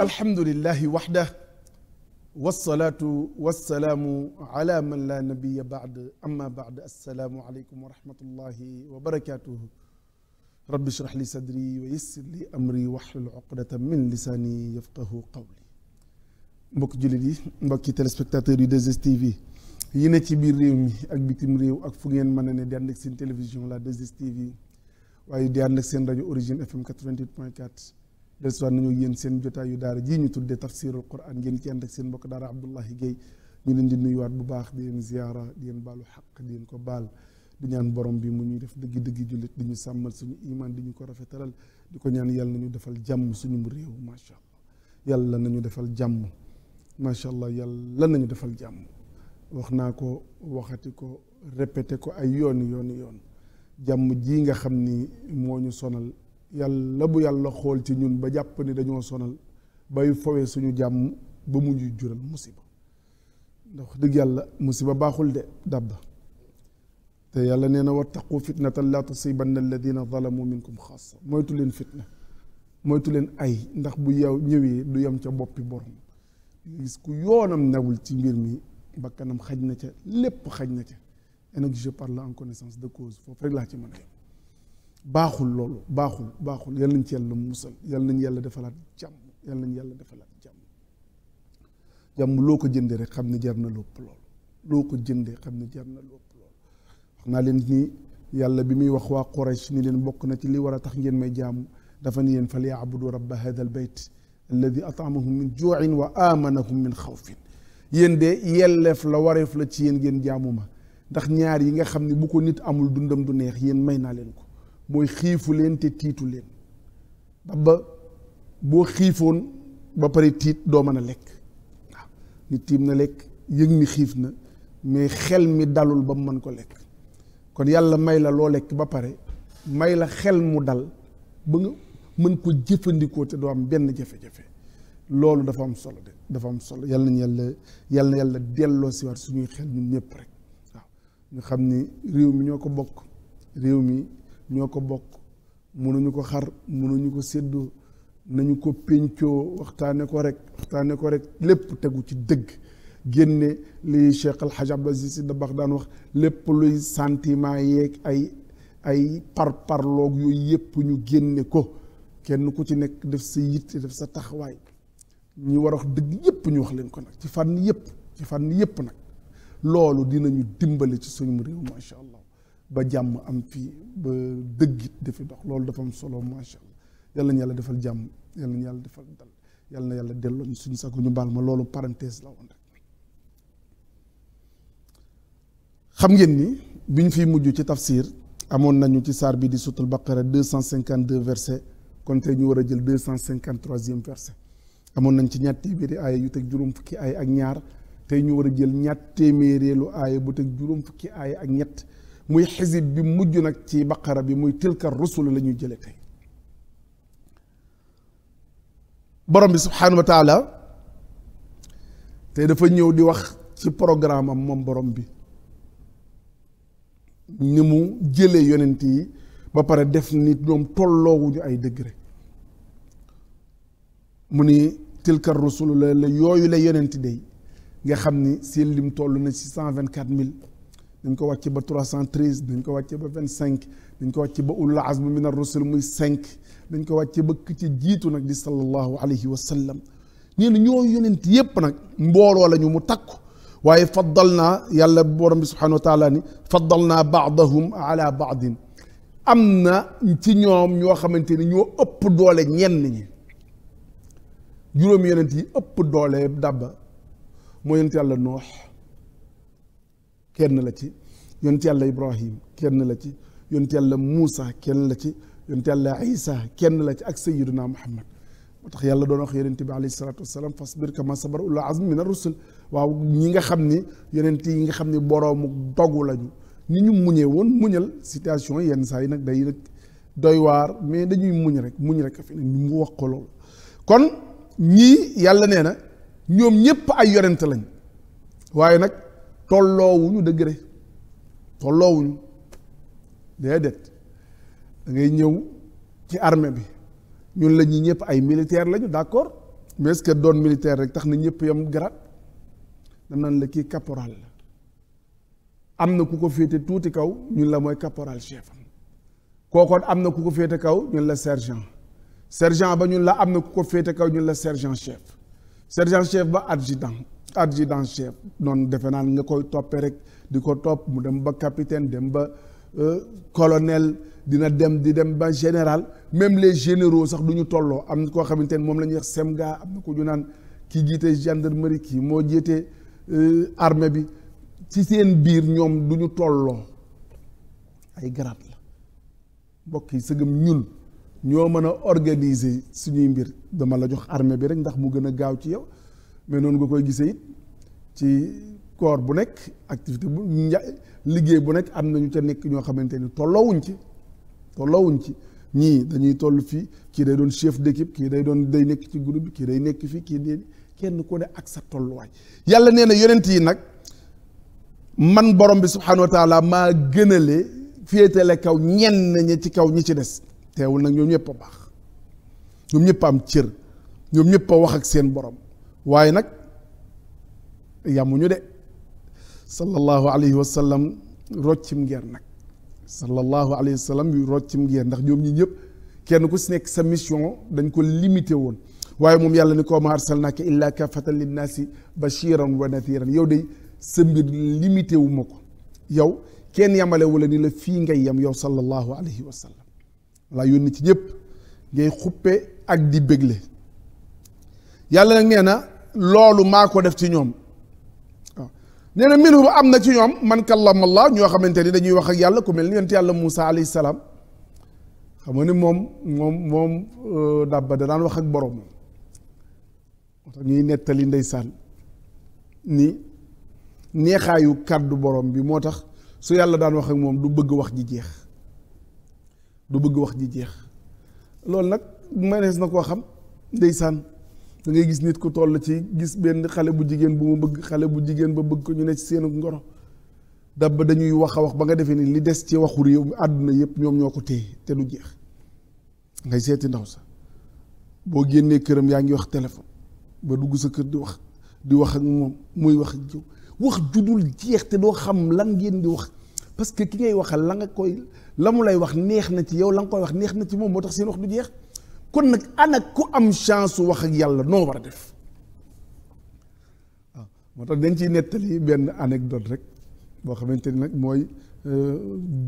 alhamdulilahi waxda walsalaatu walsalaamu ala man laa nabiya baad ama baad alsalaamu aleykum wa rahmatullahi wa barakatuhu rabbi shrah li sadri wa yassir li amri waxlul uqdata min lisaani yafqahu qawli mbokki jullit yi mbokki téléspectateurs yu 2STV yi ne ci biir réew mi ak bitim réew ak fu ngeen mën na ne di ànd ak seen télévision la 2STV waaye di ànd ak seen rajo origine FM 88.4 dellusiwaat nañu yéen seen jotaayu daara ji ñu tuddee tafsirul Quran ngeen ci ànd ak seen mbokk daara Abdullahi Guèye ñu leen di nuyuwaat bu baax di leen ziyaara di leen baalu xaq di leen ko baal di ñaan borom bi mu ñuy def dëgg-dëgg jullit di ñu sàmmal suñu imaan di ñu ko rafetalal di ko ñaan yàlla nañu defal jàmm suñu réew macha allah yàlla nañu defal jàmm. macha allah yàlla nañu defal jàmm wax naa ko waxati ko répété ko ay yoon yoon yoon jàmm ji nga xam ni moo ñu sonal yàlla bu yàlla xool ci ñun ba jàpp ni dañoo sonal bay fowee suñu jàmm ba mujj jural musiba ndax wax dëgg yàlla musiba baaxul de dàbba te yàlla nee na wattaqu fitnatan laa tusibanna alladina zalamu minkum xaasa moytu leen fitna moytu leen ay ndax bu yow ñëwee du yem ca boppi borom gis ku yoonam newul ci mbir mi bakkanam xaj na ca lépp xaj na ca et nag je de cause foofu rek laa ci mën a baaxul loolu baaxul baaxul yal nañ ci yàlla musal nañ yàlla defalaat jàmm yal nañ yàlla defalaat jàmm jàmm loo ko jëndee rek xam ne jar na lépp loolu loo ko jëndee xam ne jar na lépp wax naa leen ni yàlla bi muy wax waa Quraysh ni leen bokk na ci li war a tax ngeen may jaamu dafa ni yéen fal yaabudu rabba hadal bayt alladi atamahum min juuin wa amanahum min xawfin yéen de yelleef la wareef la ci yéen ngeen jaamu ma ndax ñaar yi nga xam ne bu ko nit amul dundam du neex yéen may naa leen ko mooy xiifu leen te tiitu leen ba boo xiifoon ba pare tiit doo mën a lekk waaw nit tiim na lekk yëg ni xiif na mais xel mi dalul ba mu mën ko lekk kon yàlla may la loo lekk ba pare may la xel mu dal ba nga mën ko jëfandikoo te doo am benn jafe-jafe loolu dafa am solo de dafa am solo yal nañu yàlla yal na yàlla delloo si waat suñuy xel ñun ñëpp rek waaw ñu xam ni réew mi ñoo ko bokk réew mi ñoo ko bokk mënuñu ko xar mënuñu ko séddoo nañu ko péncoo waxtaane ko rek waxtaane ko rek lépp tegu ci dëgg génne li Cheikh Al Hadj Abdou Aziz Sy Dabakh daan wax lépp luy sentiment yeeg ay ay par parloog yooyu yëpp ñu génne ko kenn ku ci nekk def sa yitte def sa taxawaay ñi war a wax dëgg yépp ñu wax leen ko nag ci fànn yépp ci fànn yépp nag loolu dinañu dimbali ci suñu réew macha allah ba jàmm am fii ba dëggit fi dox loolu dafa am solo macha allah yàlla na yàlla defal jàmm yàlla na yàlla defal dal yàlla yàlla delloo suñu sago ñu baal ma loolu parenthèse la woon rek xam ngeen ni bi ñu fiy mujj ci tafsir amoon nañu ci saar bi di sutul baqara deux cent cinquante deux verset kon ñu war a jël deux cent cinquante troisième amoon nañ ci ñaar téeméeri aaya yu teg juróom fukki aaya ak ñaar tey ñu war a jël ñaar téeméereelu aaya bu teg juróom fukki aaya ak ñett muy xisib bi mujj nag ci baqara bi muy tilka rusul la ñuy jële tey borom bi subxanahu wa tey dafa ñëw di wax ci programme am moom borom bi ni mu jële yonent yi ba pare def nit ñoom tolloowuñu ay degré mu ni tilkar rusulu la la yooyu la yonent day nga xam ni seen mu toll na ci cent vingt quatre mille dañ ko wàcce ba trois cent treize dañ ko wàcce ba vingt cinq dañ ko wàcce ba ulul azm min ar rusul muy cinq dañ ko wàcce ba ki ci jiitu nag di sallallahu alayhi wa sallam nee na ñoo yonent yépp nag mbooloo la ñu mu takku waaye faddal naa yàlla borom bi subhanahu wa taala ni faddal naa baadahum ala baadin am na ci ñoom ñoo xamante ni ñoo ëpp doole ñenn ñi juróom yonent yi ëpp doole dàbba moo yonent yàlla noox kenn la ci yonent yàlla ibrahim kenn la ci yonent yàlla muusa kenn la ci yonent yàlla isa kenn la ci ak sayiduna muhammad moo tax yàlla doon wax yonent bi alayhi salaatu wasalaam fasbir kama sabar ulul azm min ar-rusul waaw ñi nga xam ni yonent yi nga xam ni boroomu dogu lañu ni ñu muñee woon muñal situation yenn saa yi nag day doy waar mais dañuy muñ rek muñ rek a fi ne ni mu wax ko loolu ñii yàlla nee na ñoom ñépp ay yonent lañ waaye nag tolloowuñu degré tolloowuñu déedéet da ngay ñëw ci armée bi ñun la ñi ñëpp ay militaire lañu d'accord mais est que doon militaire rek tax na ñëpp yam grade danaan la kii caporal la am na ku ko féete tuuti kaw ñun la mooy caporal chef kookoon am na ku ko féete kaw ñun la sergent sergent ba ñun la am na ku ko féete kaw ñu la sergent chef sergent chef ba adjudant adjudant chef noonu defe naa nga koy toppee rek di ko topp mu dem ba capitaine dem ba euh, colonel dina dem di dem ba général même les généraux sax du ñu tolloo am na koo xamante ne moom la ñuy wax semga am na ku ñu naan kii jiite gendarmerie kii moo jiite euh, armée bi ci seen biir ñoom du ñu tolloo ay grade la mbokk yi sëgëm ñun ñoo mën a organiser suñuy mbir dama la jox armée bi rek ndax mu gën a gaaw ci yow mais noonu nga koy gisee it ci corps bu nekk activité bu nja liggéey bu nekk am na ñu ca nekk ñoo xamante ni tolloowuñ ci tolloowuñ ci ñii dañuy toll fii kii day doon chef d'équipe kii day doon day nekk ci groupe bi kii day nekk fii kii day kenn ku ne ak sa tolluwaay yàlla nee na yonent yi nag man borom bi subhanahu wa taala maa gënale féetale kaw ñenn ñi ci kaw ñi ci des teewul nag ñoom ñëpp a baax ñoom ñëpp am cër ñoom ñëpp a wax ak seen borom waaye nag yamuñu de sallallahu alayhi wa sallam roccim ngeer nag sallallahu alayhi wa sallam yu roccim ngeer ndax ñoom ñi ñëpp kenn ku si nekk sa mission dañ ko limité woon waaye moom yàlla ni ko ma arsalnaaka illaa kaafatan linnaasi bashiran wa nathiran yow de sa mbir limité ko yow kenn yamale wala ni la fii ngay yam yow sallallahu alayhi wa sallam laa yónni ci ñépp ngay xuppe ak di bégle yàlla nag nee na loolu maa ko def ci ñoom waaw nee na minhum am na ci ñoom man kallama Allah ñoo xamante ni dañuy wax ak yàlla ku mel ni yonent yàlla Moussa alayhi xam nga ni moom moom moom euh, dàbba da daan wax ak borom ñuy nettali ndeysaan ni neexaayu kàddu borom bi moo tax su yàlla daan wax ak moom du bëgg wax ji jeex du bëgg wax ji jeex loolu nag manees na koo xam ndeysaan da ngay gis nit ku toll ci gis benn xale bu jigéen bu mu bëgg xale bu jigéen ba bëgg ko ñu ne ci seen ngoro dab ba dañuy wax a wax ba nga defee ni li des ci waxu réew mu àdduna yëpp ñoom ñoo ko téye te du jeex ngay seeti ndaw sax boo génnee këram yaa ngi wax téléphone ba dugg sa kër di wax di wax ak moom muy wax ak jiw wax judul jeex te doo xam lan ngeen di wax parce que ki ngay waxal la nga koy la mu lay wax neex na ci yow la nga koy wax neex na ci moom moo tax seen wax du jeex kon nag ana ku am chance wax ak yàlla noo war a def waaw ah, moo tax dañ ciy nettali benn anecdote rek boo xamante ni nag mooy euh,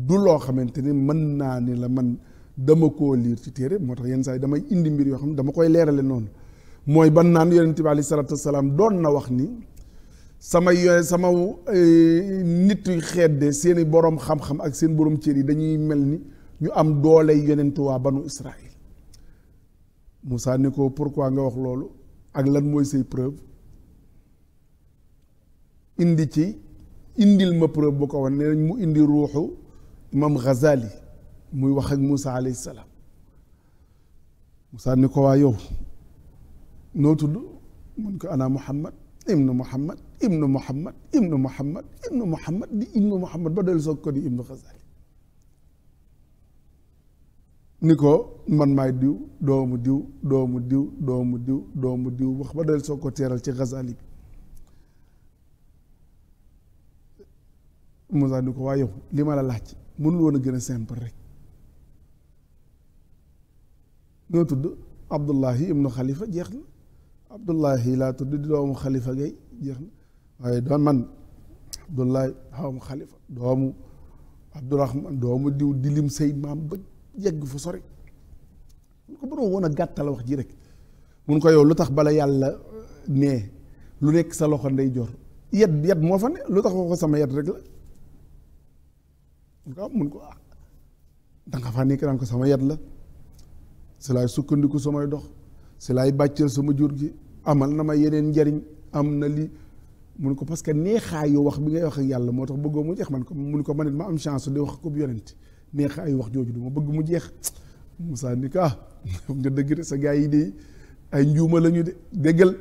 du loo xamante ni mën naa ni la man dama koo liir ci téere moo tax yenn saa yi damay indi mbir yoo xam ne dama koy leerale noonu mooy ban naan yonent bi aleyhi salaatu wa salaam doon na wax nii sama yore sama e, nit xeet de seen boroom xam-xam ak seen borom cër yi dañuy mel ni ñu am doole yonentu waa banu Israël Moussa ni ko pourquoi nga wax loolu ak lan mooy say preuve indi ci indil ma preuve bu ko wan ne mu indi ruuxu imam Ghazali muy wax ak Moussa alayhi salaam Moussa ko waa yow noo tudd mun ko ana Muhammad ibnu Muhammad ibnu muhammad ibnu muhammad ibnu muhammad di ibnu muhammad ba del soog ko di ibnu xasali ni ko man maay diw doomu diw doomu diw doomu diw doomu diw wax ba del soog ko teeral ci xasali bi Moussa ni ko waa yow li ma la laaj mënul woon a gën a simple rek ñoo tudd Abdullahi ibnu Khalifa jeex na Abdullahi laa tudd di doomu Khalifa gay jeex na waaye doon man Abdoulaye xawam xalifa doomu Abdourahman doomu diw di lim say maam ba yegg fu sori mun ko mënoo woon a gàttal wax ji rek mun ko yow lu tax bala yàlla uh, nee lu nekk sa loxo ndeyjoor jor yet yet moo fa ne lu tax waxoo sama yet rek la mun ko am ah, mun ko ah danga faa nekk daan ko sama yet la si laay sukkandiku sumay dox si laay bàcceel sama jur gi amal na ma yeneen njariñ am na li mun ko parce que neexaayu wax bi ngay wax ak yàlla moo tax bëggoo mu jeex man ko mun ko man it ma am chance di wax ko wax jooju du ma bëgg mu jeex Moussa ni ko ah xam nga dëgg sa gars yi de ay njuuma la de déggal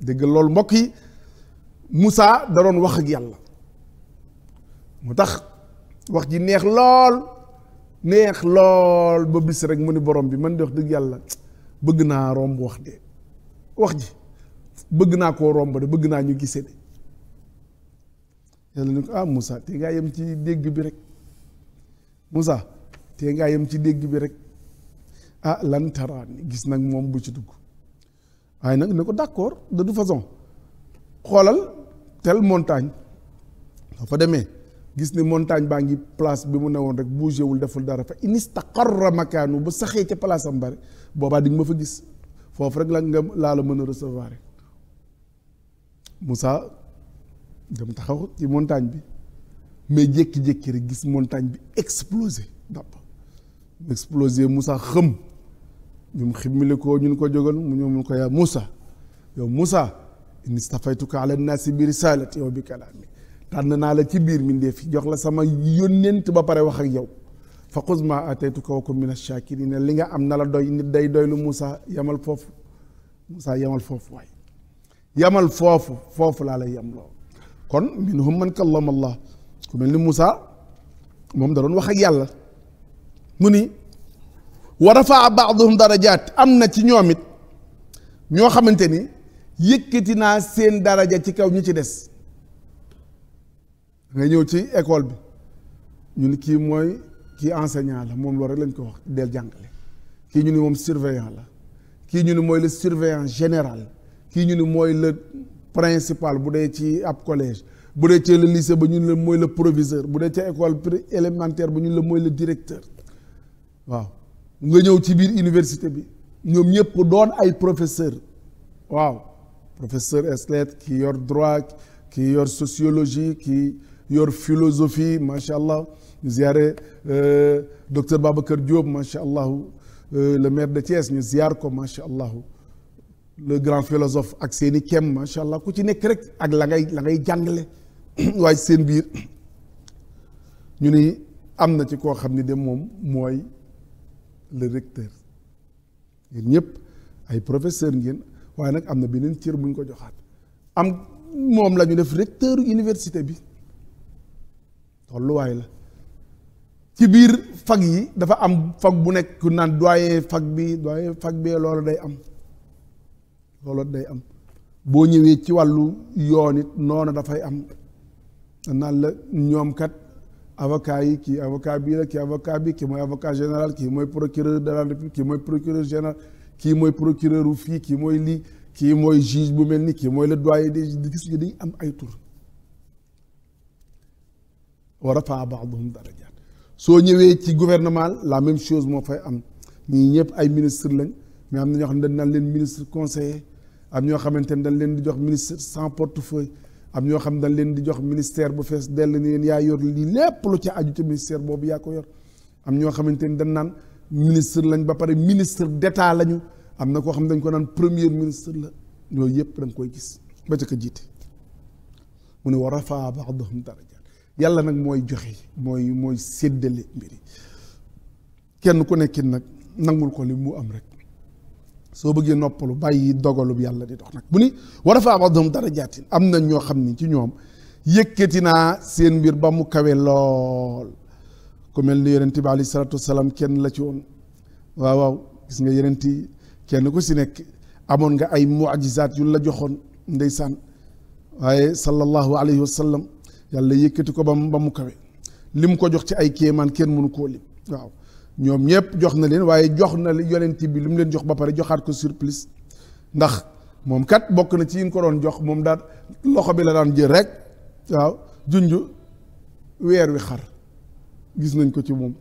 déggal loolu mbokk yi Moussa da wax yàlla mu tax wax ji neex lool neex lool ba bis rek mu ni borom bi man di wax dëgg yàlla bëgg naa romb wax de wax ji bëgg naa koo romb de bëgg naa ñu gisee de yàlla ne ko ah te ngaa yem ci dégg bi rek Moussa te ngaa yem ci dégg bi rek ah lan taraani gis nag moom bu ci dugg waaye nag ne ko d'accord da du façon xoolal tel montagne soo fa demee gis ni montagne baa ngi place bi mu woon rek bougé wul deful dara fa inistaqarra makaanu ba saxee ca place am bare boobaa di ma fa gis foofu rek la nga laa la mën a recevoir Moussa dem taxaw ci montagne bi mais jékki-jékki rek gis montagne bi explosé dàpp explosé Moussa xëm ñum ximmili ko ñun ko jógal mu ñëw mun ko yaa Moussa yow Moussa inni stafaytuka ala naasi bi risalati yow bi kalaami tànn naa la ci biir mi ndee fi jox la sama yónnent ba pare wax ak yow fa xuz ma ataytuka wa kun min ash li nga am na la doy nit day doy lu Moussa yamal foofu Moussa yamal foofu waaye yamal foofu foofu laa lay yamloo kon minhum man kallama allah ku mel ni Moussa moom da doon wax ak yàlla mu ni wa rafaa baaduhum darajaat am na ci ñoom it ñoo xamante ni yëkkati naa seen daraja ci kaw ñu ci des nga ñëw ci école bi ñu ni kii mooy kii enseignant la moom loolu rek lañ ko wax del jàngale kii ñu ni moom surveillant la kii ñu ni mooy le surveillant général kii ñu ni mooy le principal bu dee ci ab collège bu dee ci le lycée ba ñun la mooy le proviseur bu dee ca école élémentaire ba ñun la mooy le directeur waaw nga ñëw ci biir université bi ñoom ñëpp doon ay professeur waaw professeur Eslet ki yor droit kii yor sociologie kii yor philosophie macha allah ñu ziare euh, docteur Babacar Diop macha allah euh, le maire de Thiès ñu ziar ko macha allah. le grand philosophe ak seeni i kem macha allah ku ci nekk rek ak la ngay la ngay jàngale waaye seen biir ñu ni am na ci koo xam ni de moom mooy le recteur yéen ñëpp ay professeur ngeen waaye nag am na beneen cër bu ko joxaat am moom la def recteur université bi tolluwaay la ci biir fag yi dafa am fag bu nekk naan doyen fag bi doyen fag bi loolu day am loolu day am boo ñëwee ci wàllu yoon it noonu dafay am naan la ñoom kat avocat yi kii avocat bii la avocat bi ki mooy avocat général kii mooy procureur de la république kii mooy procureur général kii mooy procureur wu fii kii mooy lii kii mooy juge bu mel ni kii mooy le doyen di gis nga dañu am ay tur wa rafaa baaduhum darajaat soo ñëwee ci gouvernement la même chose moo fay am ñii ñëpp ay ministre lañ mais am na ñoo xam ne dañ naan leen ministre conseiller am ñoo xamante ne dañ leen di jox ministre sans portefeuille am ñoo xam dañ leen di jox ministère bu fees dell ni leen yaa yor lii lépp lu ci aju ci ministère boobu yaa ko yor am ñoo xamante ni dañ naan ministre lañ ba pare ministre d'état lañu am na koo xam dañ ko naan premier ministre la yooyu yëpp da koy gis ba ca ko jiite mu ne war a wa rafaa ba'dahum darajaat yàlla nag mooy joxe mooy mooy séddale mbiri kenn ku nekkin nag nangul ko li mu am rek soo bëggee noppalu bàyyi dogalub yàlla di dox nag bu ni war a fa abadum dara jaatin am na ñoo xam ni ci ñoom yëkkati naa seen mbir ba mu kawee lool ku mel ni yonent bi alayhi salaatu wasalaam kenn la ci woon waaw waaw gis nga yonent yi kenn ku si nekk amoon nga ay mu'jizaat yu la joxoon ndeysaan waaye sallallahu alayhi wa sallam yàlla yëkkati ko ba mu ba mu li mu ko jox ci ay kéemaan kenn mënu koo lim waaw ñoom ñëpp jox na leen waaye jox na yonent bi li mu leen jox ba pare joxaat ko surplus ndax moom kat bokk na ci yi ko doon jox moom daal loxo bi la daan jël rek waaw junj weer wi xar gis nañ ko ci moom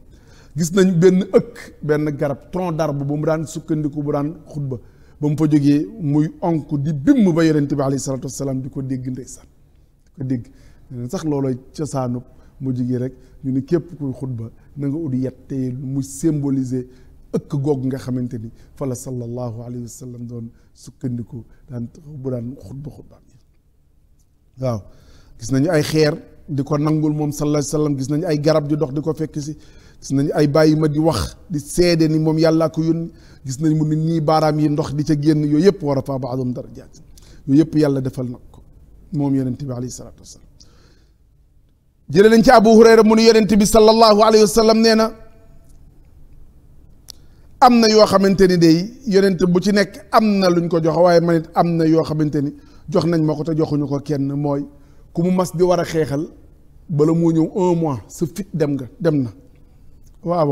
gis nañ benn ëkk benn garab tronc d'arbre bu mu daan sukkandiku bu daan xutba ba mu fa jógee muy onk di bimm ba yonent bi alayhi salaatu wasalaam di ko dégg ndeysaan di ko dégg sax loolooy cosaanub mujj gi rek ñu ni képp kuy xutba na nga ut yet te mu symboliser ëkk googu nga xamante ni fa la sallallahu alayhi wa doon sukkandiku bu daan xutba gis nañu ay xeer di ko nangul moom sallallahu alayhi wa gis nañu ay garab di dox di ko fekk si gis nañu ay bàyyi ma di wax di seede ni moom yàllaa ko yónni gis nañ mu nit ñii baaraam yi ndox di ca génn yooyu yëpp war a faa ba adom yëpp yàlla defal na ko moom yonente bi alayhi salaatu wasalaam jële nañ ci abu hurayra mu nu yonent bi sallallahu alayhi wa sallam nee na am na yoo xamante ni day yonent bu ci nekk am na luñ ko jox waaye man am na yoo xamante ni jox nañ ma ko te joxuñu ko kenn mooy ku mu mas di war a xeexal bala moo ñëw un mois sa fit dem nga dem na waaw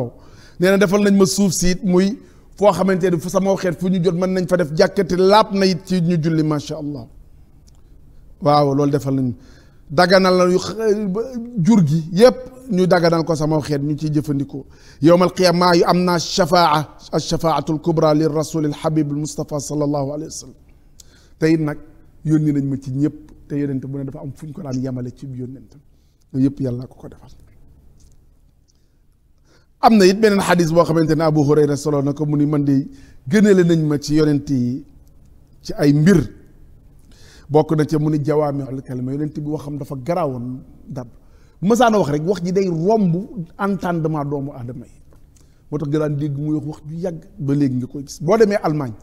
nee na defal nañ ma suuf siit muy foo xamante ni fu sama xeet fu ñu jot mën nañ fa def jàkkati laab na it ci ñu julli macha allah waaw loolu defal nañu daganal la jur gi yépp ñu daganal ko sama xeet ñu ciy jëfandikoo yowmal qiyaama yu am naa shafaa ashafaatul kubra li rasul al habib al mustafa sallallahu alayhi wa sallam tey nag yónni nañ ma ci ñëpp te yónnent bu ne dafa am fu ñu ko daan yemale ci yónnent loolu yëpp yàlla ko ko defal na it beneen xadis boo xamante ne abu hurayra na ko mu ni man de gënale nañ ma ci yónnent yi ci ay mbir bokk na ca mu ni jawaamiul kalima yonent bi waxam dafa garaawoon dab mësaana wax rek wax ji day romb entendement doomu aadama yi moo tax nga daan dégg muy wax wax ju yàgg ba léegi nga koy gis boo demee Allemagne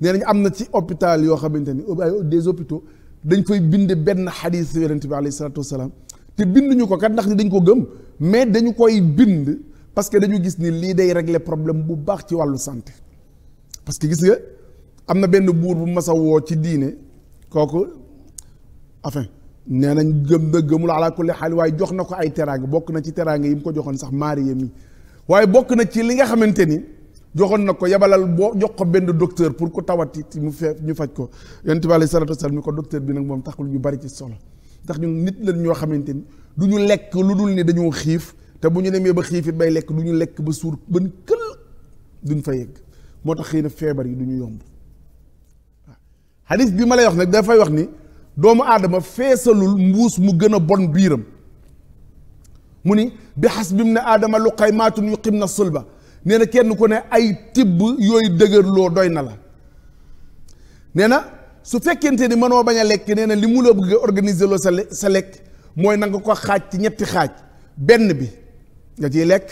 nee nañ am na ci hôpital yoo xamante ni des hôpitaux dañ koy bind benn xadis yonent bi alayhi salaatu wasalaam te binduñu ko kat ndax ni dañ ko gëm mais dañu koy bind parce que dañu gis ni lii day régler problème bu baax ci wàllu santé parce que gis am na benn buur bu mas woo ci diine kooku enfin nee nañ gëm na gëmul ala kulli xaal waaye jox na ko ay teraanga bokk na ci teraanga yi mu ko joxoon sax maariya mi waaye bokk na ci li nga xamante ni joxoon na ko yabalal boo jox ko benn dokteur pour ku tawati mu fee ñu faj ko yonent bi alayhi salaatu wasalaam ni ko dokteur bi nag moom taxul ñu bari ci solo ndax ñun nit lañ ñoo xamante ni du ñu lekk lu dul ni dañoo xiif te bu ñu demee ba xiif it bay lekk du ñu lekk ba suur ban kël duñ fa yegg moo tax xëy na feebar yi du ñu yomb xadis bi ma lay wax nag dafay wax ni doomu aadama feesalul mbuus mu gën a bon biiram mu ni bi xas bim ne aadama lu xaymaatu maatun yu xim na sulba nee na kenn ku ne ay tibb yooyu dëgërloo doy na la nee na su fekkente ni mënoo bañ a lekk nee na li mu la bëggee a organiser loo sa sa lekk mooy na nga ko xaaj ci ñetti xaaj benn bi nga ciy lekk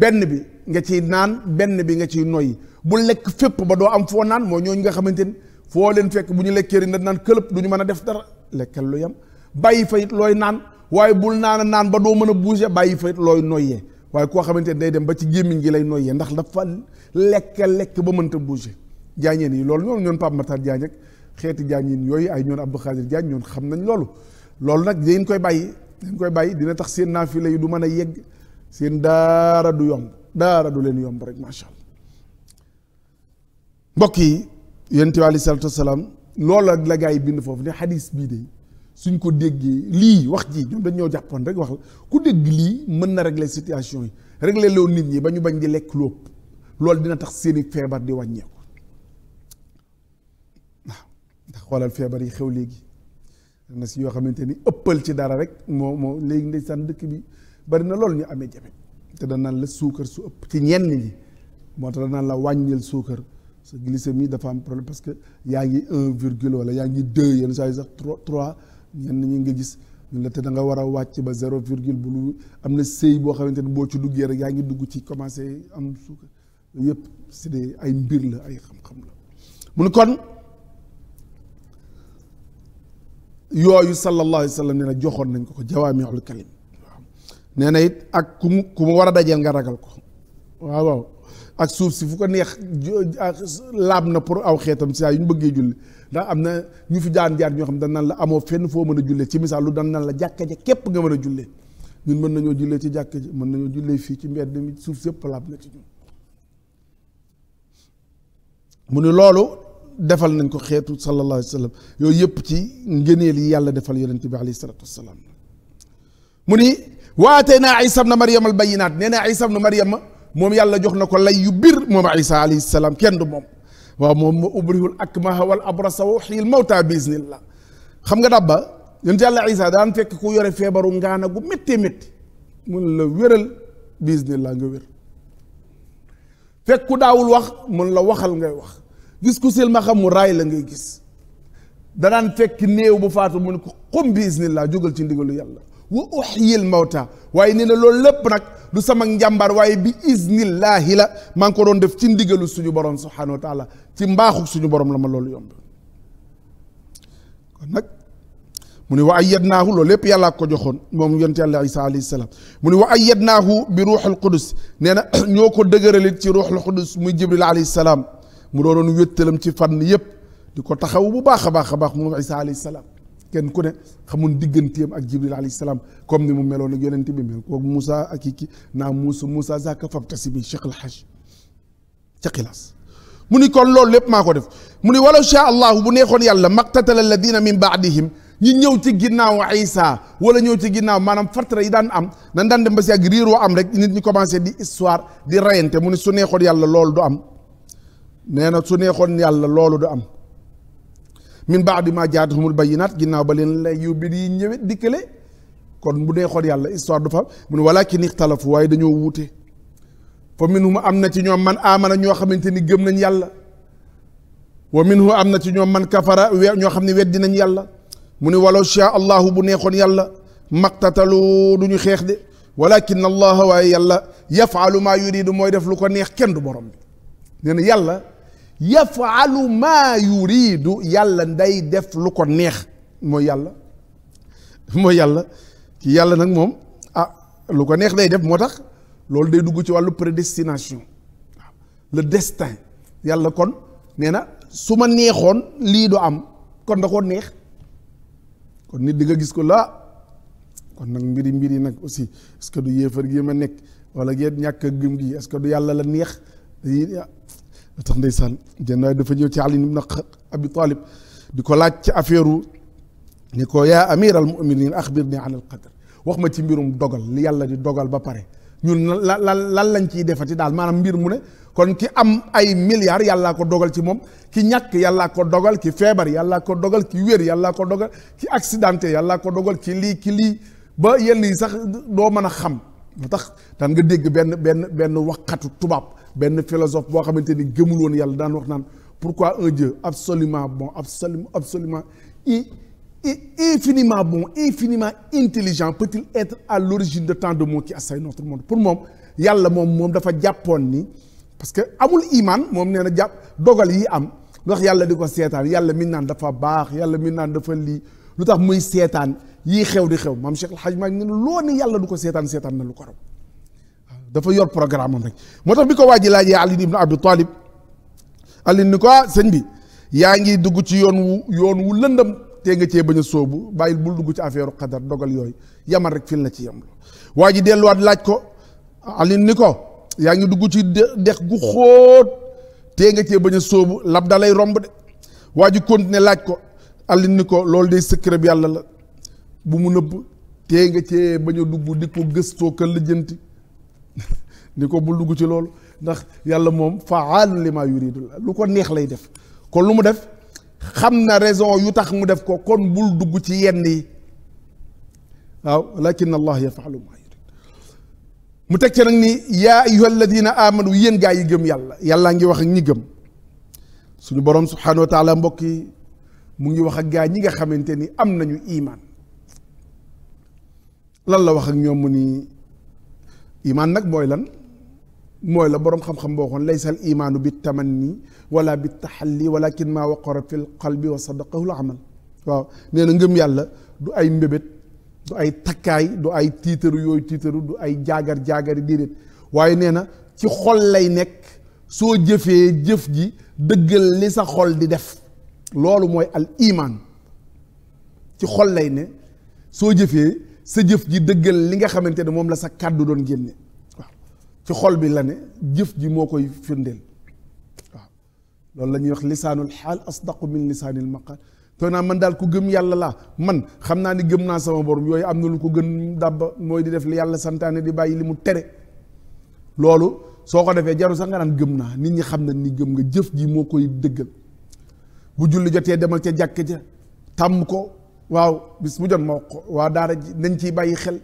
benn bi nga ciy naan benn bi nga ciy noyyi bu lekk fépp ba doo am foo naan mooy ñooñu nga xamante ni foo leen fekk bu ñu lekkee rek naan këlëb du ñu mën a def dara lekkal lu yem bàyyi fa it looy naan waaye bul naan a naan ba doo mën a bouger bàyyi fa it looy noyyee waaye koo xamante ne day dem ba ci gémmiñ gi lay noyyee ndax dafa lekk lekk ba mënta bouger jaañeen yi loolu ñoom ñoon Pape Matar Diagne ak xeeti jaañeen yooyu ay ñoon Abdou Khadir Diagne ñoon xam nañ loolu loolu nag dañ koy bàyyi dañ koy bàyyi dina tax seen naafila yi du mën a yegg seen daara du yomb daara du leen yomb rek macha allah mbokk yi yonent bi alayhi salaatu wasalaam loola la gaa yi bind foofu ne xadis bii de suñ ko déggee lii wax jii ñoom dañ ñoo jàppoon rek wax la ku dégg lii mën na régler situation yi régler lool nit ñi ba ñu bañ di lekk lu ëpp loolu dina tax seeni feebar di wàññeeku waaw ndax xoolal feebar yi xew léegi na si yoo xamante ni ëppal ci dara rek moo moo léegi ndeysaan dëkk bi bari na loolu ñu amee jafe te danaan la suukar su ëpp ci ñenn ñi moo tax danaan la wàññil suukar sa glycémie dafa am problème parce que yaa ngi un virgule wala yaa ngi deux yenn saa yi sax trois trois ñenn ñi nga gis ñu la te da nga war a wàcc ba zéro virgule bu lu am na sëy boo xamante ne boo ci duggee rek yaa ngi dugg ci commencé am suukar yëpp c'est ay mbir la ay xam-xam la kon yooyu sallallahu alayhi wa sallam na joxoon nañ ko ko jawaamiul kalim nee na it ak ku mu ku mu war a dajeel nga ragal ko waaw waaw ak suuf si fu ko neex laab na pour aw xeetam saa yu ñu bëggee julli ndax am na ñu fi jaan jaar ñoo xam dañ naan la amoo fenn foo mën a jullee ci misaal lu dañ naan la jàkka képp nga mën a jullee ñun mën nañoo jullee ci jàkka ji mën nañoo jullee fii ci mbedd mi suuf si yëpp laab na ci ñun mu ne loolu defal nañ ko xeetu sallallahu alayhi yooyu yëpp ci ngëneel yi yàlla defal yonent bi alayhi salaatu wasalaam mu ni waatee naa ay sam na al bayinaat nee naa Isa ibn Maryam moom yàlla jox na ko lay yu bir moom isa alayhi salaam kenn du moom waaw moom ma ubrihul akmaha wal abrasa wa uhyil mawta bi xam nga dabba yonent yàlla isa daan fekk ku yore feebaru ngaana gu méttee metti mun la wéral bi nga wér fekk ku daawul wax mun la waxal ngay wax gis ku silma xam mu raay la ngay gis da daan fekk néew bu faatul mu ne ko xum bi iznillah jógal ci ndigalu yàlla wa uxyil mawta waaye nee na lool lépp nag du sama njàmbaar waaye bi iznillaahi la maa ngi ko doon def ci ndigalu suñu borom subhanahu wa ci mbaaxu suñu borom la ma lool yomb kon nag mu ne wa ayyadnaahu loolu lépp yàllaa ko joxoon moom yonent yàlla isa alayhi salaam mu ne wa ayyadnaahu bi ruuxul qudus nee na ñoo ko dëgëralit ci ruuxul qudus muy jibril alayhi salaam mu doonoon wéttalam ci fànn yépp di ko taxawu bu baax a baax a baax moom isa alayhi salaam kenn ku ne xamun digganteem ak jibril alayhi salaam comme ni mu meloon ak yonent bi mel kooku Moussa ak kii naa Moussa Moussa zaka fabtasi bi Cheikh El Hadj ca xilaas mu ni kon loolu lépp maa ko def mu ni wala shaa allahu bu neexoon yàlla maqtatala alladina min baadihim ñi ñëw ci ginnaaw Isa wala ñëw ci ginnaaw maanaam fartara yi daan am nan daan dem ba si ak riiroo am rek nit ñi commencé di histoire di rayante mu ni su neexoon yàlla loolu du am nee na su neexoon yàlla loolu du am min baadi ma jaatuhumul bayinaat ginnaaw ba leen lay yu biir yi ñëwee dikkale kon bu dee yàlla histoire du fa mu ne walakin ixtalafu waaye dañoo wuute fa minhum am na ci ñoom man amana ñoo xamante ni gëm nañ yàlla wa minhu am na ci ñoom man kafara ñoo xam ne weddi nañ yàlla mu ne walaw shaa allahu bu neexoon yàlla maqtatalu du ñu xeex de walakin allah waaye yàlla yafaalu maa yuridu mooy def lu ko neex kenn du borom bi nee na yàlla yafalu maa yuridu yàlla nday def lu ko neex mooy yàlla mooy yàlla ki yàlla nag moom ah lu ko neex day def moo tax loolu day dugg ci wàllu prédestination le destin yàlla kon nee na su ma neexoon lii du am kon ndaxoon neex kon nit di nga gis ko la kon nag mbiri mbiri nag aussi est que du yéefar gi ma nekk wala geen ñàkk a gëm gi est du yàlla la neex ah. tax ndeysaan jenn dafa ñëw ci Ali ibn Abi Talib di ko laaj ci affaire ni ko yaa amir al muminin axbirni an al qadar wax ma ci mbirum dogal li yàlla di dogal ba pare ñun la lan lañ ciy defati daal maanaam mbir mu ne kon ki am ay milliards yàllaa ko dogal ci moom ki ñàkk yàllaa ko dogal ki feebar yàllaa ko dogal ki wér yàllaa ko dogal ki accidenté yàllaa ko dogal ki lii ki lii ba yenn yi sax doo mën a xam moo tax daan nga dégg benn benn benn waxatu tubaab benn philosophe boo xamante ni gëmul woon yàlla daan wax naan pourquoi un Dieu absolument bon absolument absolument i infiniment bon infiniment intelligent peut-il être à l'origine de tant de maux qui assaillent notre monde pour moom yàlla moom moom dafa jàppoon ni parce que amul imaan moom nee na jàpp dogal yi am lu tax yàlla di ko seetaan yàlla mi naan dafa baax yàlla mi naan dafa lii lu tax muy seetaan yii xew di xew maam Cheikh El Hadj Malick ne loo ni yàlla du ko seetaan seetaan na lu ko dafa yor programme am rek moo tax bi ko waa ji laajee Ali ibn Abi ni ko ah, sëñ bi yaa ngi dugg ci yoon wu yoon wu lëndam tee nga cee bañ a sóobu bàyyil bul dugg ci affaire xadar dogal yooyu yamal rek fil la ci yem waa ji delluwaat laaj ko Ali ni ko yaa ngi dugg ci dex gu xóot tee nga cee bañ a sóobu lab dalay lay romb de waa ji continuer laaj ko Ali ni ko loolu de secret bi yàlla la bu mu nëbb tee nga cee bañ a dugg di ko gëstoo ka lijjanti ni ko bul dugg ci loolu ndax yàlla moom faalun lima yuridu lu ko neex lay def kon lu mu def xam na raison yu tax mu def ko kon bul dugg ci yenn yi waaw lakin allah yafalu ma yurid mu teg ci nag ni yaa ayuha alladina amanu yéen gaa yi gëm yàlla yàllaa ngi wax ak ñi gëm suñu borom subhanahu wa mbokk yi mu ngi wax ak gaa ñi nga xamante ni am nañu iman lan la wax ak ñoom mu ni imaan nag mooy lan mooy la boroom xam-xam boo xoon laysa imaanu bi tamanni wala bi taxalli walakin kin ma fi l qalbi wa sadaqahu l amal waaw nee na ngëm yàlla du ay mbébét du ay takkaay du ay tiitaru yooyu tiitaru du ay jaagar jaagari déedéet waaye nee na ci xol lay nekk soo jëfee jëf ji dëggal li sa xol di def loolu mooy al imaan ci xol lay ne soo jëfee sa jëf ji dëggal li nga xamante ne moom la sa kàddu doon génne waaw ci xol bi la ne jëf ji moo koy firndeel waaw loolu la ñuy wax lisaanul xaal asdaqu min lisaanil maqaal too naa daal ku gëm yàlla laa man xam naa ni gëm naa sama borom yooyu am na lu ko gën dàbba mooy di def li yàlla santaane di bàyyi li mu tere loolu soo ko defee jaru sax nga naan gëm naa nit ñi xam nañ ni gëm nga jëf ji moo koy dëggal bu julli jotee demal ca jàkk ja tàmm ko waaw bis bu jot moo waa daara ji nañ ciy bàyyi xel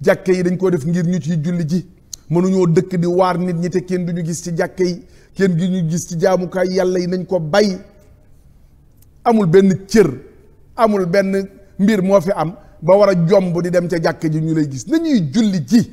jàkke yi dañ koo def ngir ñu ciy julli ji mënuñoo dëkk di waar nit ñi te kenn du ñu gis ci jàkke yi kenn du ñu gis ci jaamukaay yàlla yi nañ ko bàyyi amul benn cër amul benn mbir moo fi am ba war a jomb di dem ca jàkke ji ñu lay gis nañuy julli ji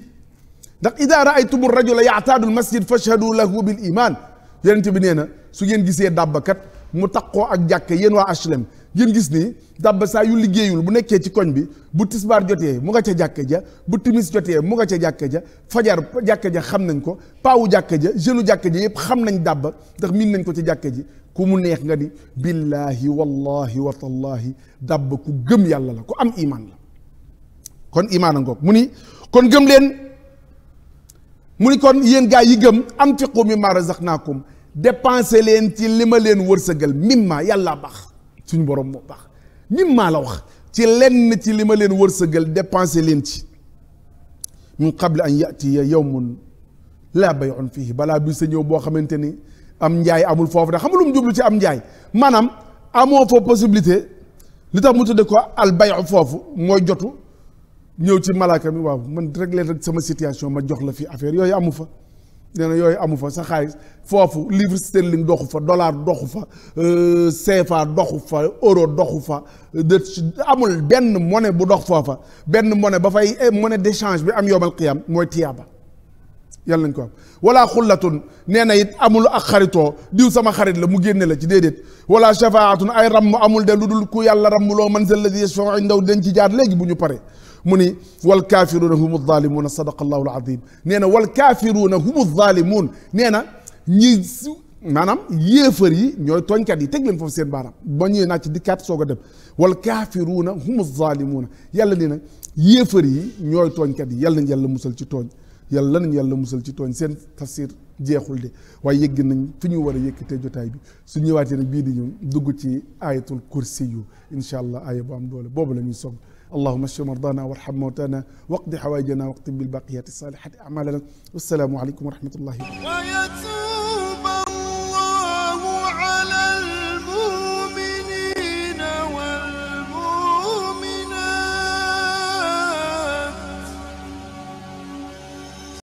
ndax ida raaytumu rajula yaataadul masjid fashhadu lahu bil iman yonent bi nee na su ngeen gisee dàbbakat mu taqoo ak jàkke yéen waa HLM ngeen gis ni dàbba saa yu liggéeyul bu nekkee ci koñ bi bu tisbaar jotee mu nga ca jàkka ja bu timis jotee mu nga ca jàkka ja fajar jàkka ja xam nañ ko paawu jàkka ja jeune jàkka ja yëpp xam nañ dàbba ndax miin nañ ko ci jàkka ji ku mu neex nga ni billaahi wallahi wa tallaahi dàbba ku gëm yàlla la ku am imaan la kon imaan a ngoog mu ni kon gëm leen mu ni kon yéen gaa yi gëm anfiqu mimma razaqnaakum dépensé leen ci li ma leen wërsëgal mimma yàlla baax suñu borom moo baax nim maa la wax ci lenn ci li ma leen wërsëgal dépensé leen ci min qable an yow yawmun laa bay'un fii balaa bi sa ñëw boo xamante ni am njaay amul foofu da xam lu mu jublu ci am njaay maanaam amoo fa possibilité li tax mu tudde ko al bayu foofu mooy jotu ñëw ci malaaka mi waaw mën rek leen rek sama situation ma jox la fii affaire yooyu amu fa nee yooyu amu fa sa xaalis foofu livre sterling doxu fa dollar doxu fa euh, CFA doxu fa euro doxu fa de amul benn monnaie bu dox foofa benn monnaie ba fay eh, monnaie d'échange bi am yomal qiyam mooy tiyaaba yàlla nañ ko am wala xullatun nee na it amul ak xaritoo diw sama xarit la mu génne la ci déedéet wala shafaatun ay ramm amul de lu dul ku yàlla ram mu loo man zal ladi yashfau ndaw dañ ci jaar léegi bu ñu pare mu ni wal kaafiruuna humu zaalimuuna sadaqa allahu al-aziim nee na wal kaafiruuna humu zaalimuun nee na ñi maanaam yéefar yi ñooy tooñkat yi teg leen foofu seen baaraam ba ñëwee naa ci dikkaat soog dem wal kaafiruuna humu zaalimuuna yàlla nee na yéefar yi ñooy tooñkat yi yàlla nañ yàlla musal ci tooñ yàlla nañ yàlla musal ci tooñ seen tafsir jeexul de waaye yëgg nañ fu ñu war a yëkkatee jotaay bi su ñëwaatee nag bii di ñëw dugg ci ayatul kursi yu incha allah aaya bu doole boobu la ñuy song allahuma shfi mardana warham mawtana waqdi xawaajana waqti bilbaqiyati salihati amalana wassalaamu aleykum wa rahmatullahi